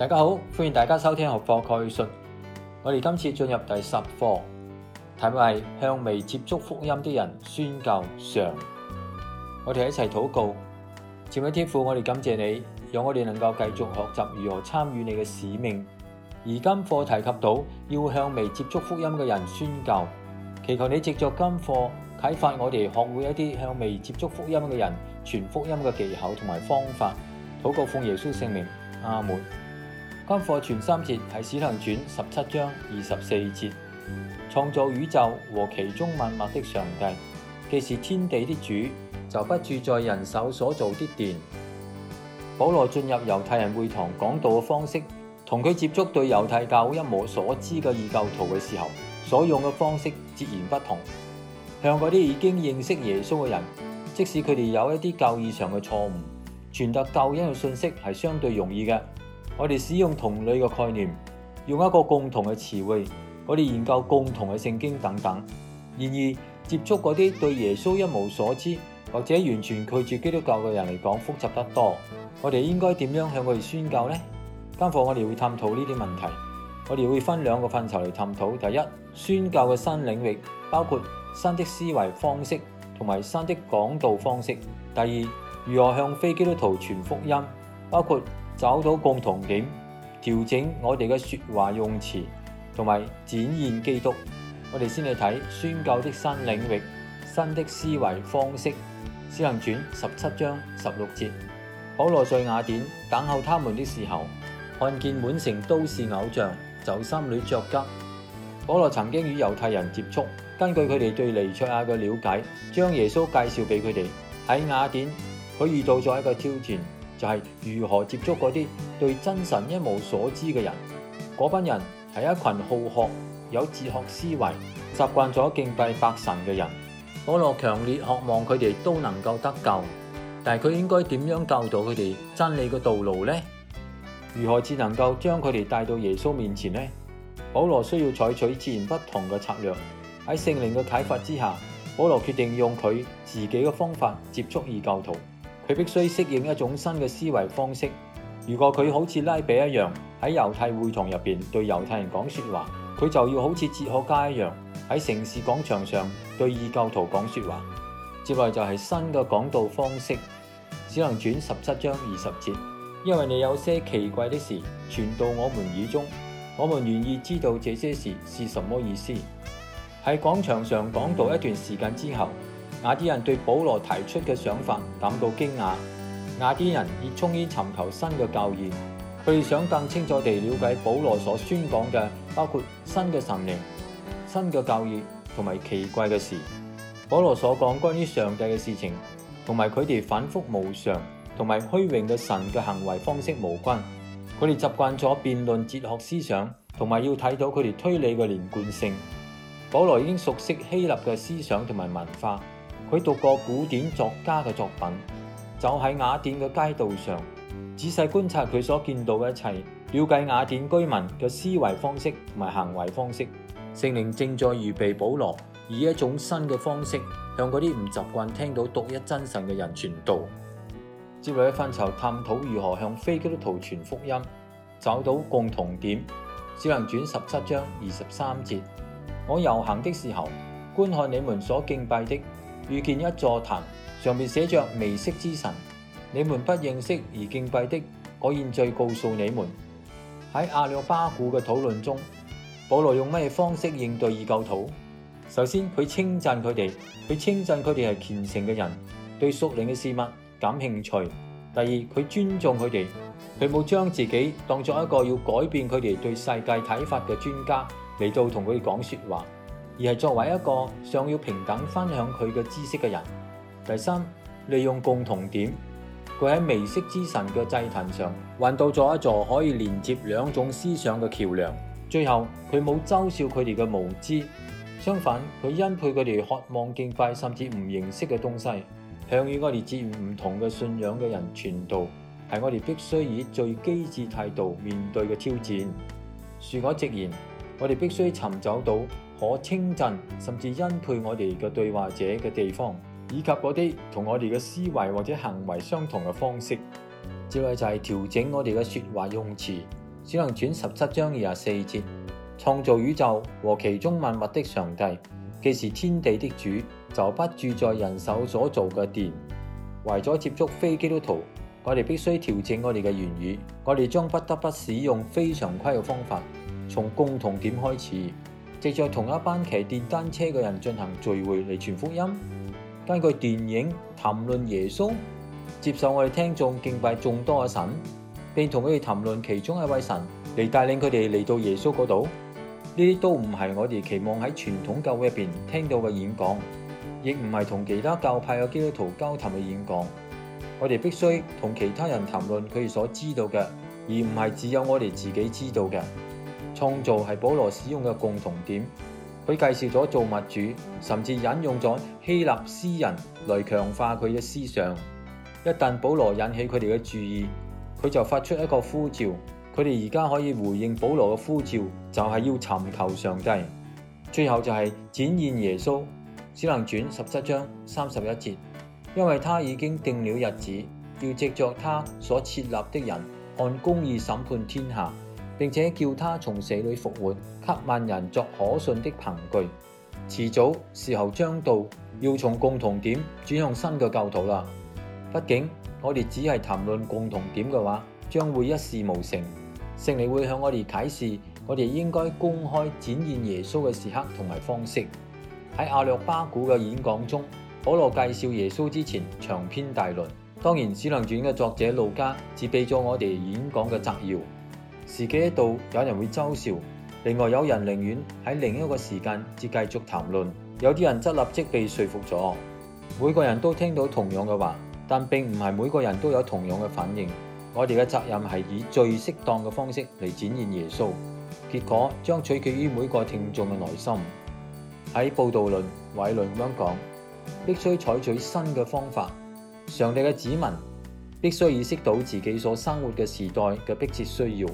大家好，歡迎大家收聽學課概述。我哋今次進入第十課，題目係向未接觸福音的人宣教上。我哋一齊禱告，主耶穌天父，我哋感謝你，讓我哋能夠繼續學習如何參與你嘅使命。而今課提及到要向未接觸福音嘅人宣教，祈求你藉著今課啟發我哋學會一啲向未接觸福音嘅人傳福音嘅技巧同埋方法。禱告奉耶穌聖名，阿門。功課全三節係《使徒行傳》十七章二十四節，創造宇宙和其中萬物的上帝，既是天地的主，就不住在人手所造的殿。保羅進入猶太人會堂講道嘅方式，同佢接觸對猶太教一無所知嘅異教徒嘅時候，所用嘅方式截然不同。向嗰啲已經認識耶穌嘅人，即使佢哋有一啲教義上嘅錯誤，傳達救恩嘅信息係相對容易嘅。我哋使用同類嘅概念，用一個共同嘅詞彙，我哋研究共同嘅聖經等等。然而接觸嗰啲對耶穌一無所知或者完全拒絕基督教嘅人嚟講，複雜得多。我哋應該點樣向佢哋宣教呢？今課我哋會探討呢啲問題。我哋會分兩個範疇嚟探討：第一，宣教嘅新領域，包括新的思維方式同埋新的講道方式；第二，如何向非基督徒傳福音，包括。找到共同點，調整我哋嘅說話用詞，同埋展現基督，我哋先去睇宣教的新領域、新的思維方式。使徒行傳十七章十六節。保羅在雅典等候他們的時候，看見滿城都是偶像，就心裏着急。保羅曾經與猶太人接觸，根據佢哋對彌賽亞嘅了解，將耶穌介紹俾佢哋。喺雅典，佢遇到咗一個挑戰。就係如何接觸嗰啲對真神一無所知嘅人。嗰班人係一群好學、有哲學思維、習慣咗敬拜百神嘅人。保羅強烈渴望佢哋都能夠得救，但係佢應該點樣教導佢哋真理嘅道路呢？如何至能夠將佢哋帶到耶穌面前呢？保羅需要採取截然不同嘅策略。喺聖靈嘅啟發之下，保羅決定用佢自己嘅方法接觸異教徒。佢必須適應一種新嘅思維方式。如果佢好似拉比一樣喺猶太會堂入邊對猶太人講說話，佢就要好似哲學家一樣喺城市廣場上對異教徒講說話。接嚟就係新嘅講道方式，只能轉十七章二十節，因為你有些奇怪的事傳到我們耳中，我們願意知道這些事是什麼意思。喺廣場上講道一段時間之後。雅典人對保羅提出嘅想法感到驚訝。雅典人熱衷於尋求新嘅教義，佢哋想更清楚地了解保羅所宣講嘅，包括新嘅神靈、新嘅教義同埋奇怪嘅事。保羅所講關於上帝嘅事情，同埋佢哋反覆無常同埋虛榮嘅神嘅行為方式無關。佢哋習慣咗辯論哲學思想，同埋要睇到佢哋推理嘅連貫性。保羅已經熟悉希臘嘅思想同埋文化。佢讀過古典作家嘅作品，就喺雅典嘅街道上仔細觀察佢所見到嘅一切，了解雅典居民嘅思維方式同埋行為方式。聖靈正在預備保羅以一種新嘅方式向嗰啲唔習慣聽到獨一真神嘅人傳道。接落一分就探討如何向非基督徒傳福音，找到共同點。只能轉十七章二十三節。我遊行的時候，觀看你們所敬拜的。遇見一座壇，上面寫着未識之神，你們不認識而敬拜的。我現在告訴你們。喺亞略巴古嘅討論中，保羅用咩方式應對異教徒？首先，佢稱讚佢哋，佢稱讚佢哋係虔誠嘅人，對屬靈嘅事物感興趣。第二，佢尊重佢哋，佢冇將自己當作一個要改變佢哋對世界睇法嘅專家嚟到同佢哋講說話。而係作為一個想要平等分享佢嘅知識嘅人。第三，利用共同點，佢喺未識之神嘅祭壇上運到咗一座可以連接兩種思想嘅橋梁。最後，佢冇嘲笑佢哋嘅無知，相反，佢欽佩佢哋渴望敬拜甚至唔認識嘅東西，向與我哋接唔同嘅信仰嘅人傳道，係我哋必須以最機智態度面對嘅挑戰。恕我直言，我哋必須尋找到，可稱讚，甚至欽佩我哋嘅對話者嘅地方，以及嗰啲同我哋嘅思維或者行為相同嘅方式。之類就係調整我哋嘅說話用詞，只能轉十七章二十四節，創造宇宙和其中萬物的上帝，既是天地的主，就不住在人手所造嘅殿。為咗接觸非基督徒，我哋必須調整我哋嘅言語，我哋將不得不使用非常規嘅方法，從共同點開始。藉助同一班騎電單車嘅人進行聚會嚟傳福音，根據電影談論耶穌，接受我哋聽眾敬拜眾多嘅神，並同佢哋談論其中一位神嚟帶領佢哋嚟到耶穌嗰度。呢啲都唔係我哋期望喺傳統教會入邊聽到嘅演講，亦唔係同其他教派嘅基督徒交談嘅演講。我哋必須同其他人談論佢哋所知道嘅，而唔係只有我哋自己知道嘅。創造係保羅使用嘅共同點，佢介紹咗造物主，甚至引用咗希臘詩人嚟強化佢嘅思想。一旦保羅引起佢哋嘅注意，佢就發出一個呼召，佢哋而家可以回應保羅嘅呼召，就係要尋求上帝。最後就係展現耶穌。只能轉十七章三十一節，因為他已經定了日子，要藉着他所設立的人，按公義審判天下。並且叫他從死裏復活，給萬人作可信的憑據。遲早時候將到，要從共同點轉向新嘅教徒啦。畢竟我哋只係談論共同點嘅話，將會一事無成。聖靈會向我哋啟示我哋應該公開展現耶穌嘅時刻同埋方式。喺亞略巴古嘅演講中，保羅介紹耶穌之前長篇大論。當然，使徒傳嘅作者路加只俾咗我哋演講嘅摘要。時機一到，有人會嘲笑；另外有人寧願喺另一個時間至繼續談論；有啲人則立即被說服咗。每個人都聽到同樣嘅話，但並唔係每個人都有同樣嘅反應。我哋嘅責任係以最適當嘅方式嚟展現耶穌，結果將取決於每個聽眾嘅內心。喺布道論委論咁樣講，必須採取新嘅方法。上帝嘅子民必須意識到自己所生活嘅時代嘅迫切需要。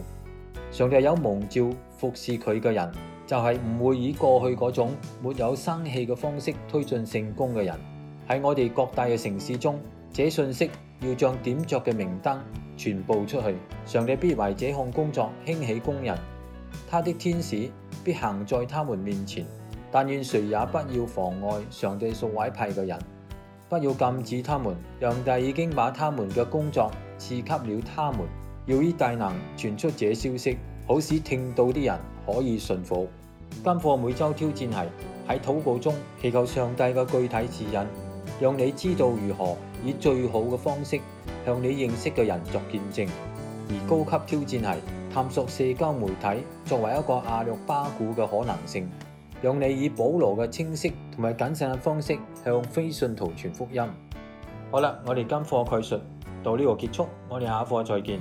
上帝有蒙召服侍佢嘅人，就係、是、唔會以過去嗰種沒有生氣嘅方式推進成功嘅人。喺我哋各大嘅城市中，這信息要像點着嘅明燈傳播出去。上帝必為這項工作興起工人，他的天使必行在他們面前。但願誰也不要妨礙上帝所委派嘅人，不要禁止他們。上帝已經把他們嘅工作賜給了他們。要以大能傳出這消息，好使聽到啲人可以信服。今課每週挑戰係喺禱告中祈求上帝嘅具體指引，讓你知道如何以最好嘅方式向你認識嘅人作見證。而高級挑戰係探索社交媒體作為一個亞略巴古嘅可能性，讓你以保羅嘅清晰同埋謹慎嘅方式向非信徒傳福音。好啦，我哋今課嘅概述到呢度結束，我哋下一課再見。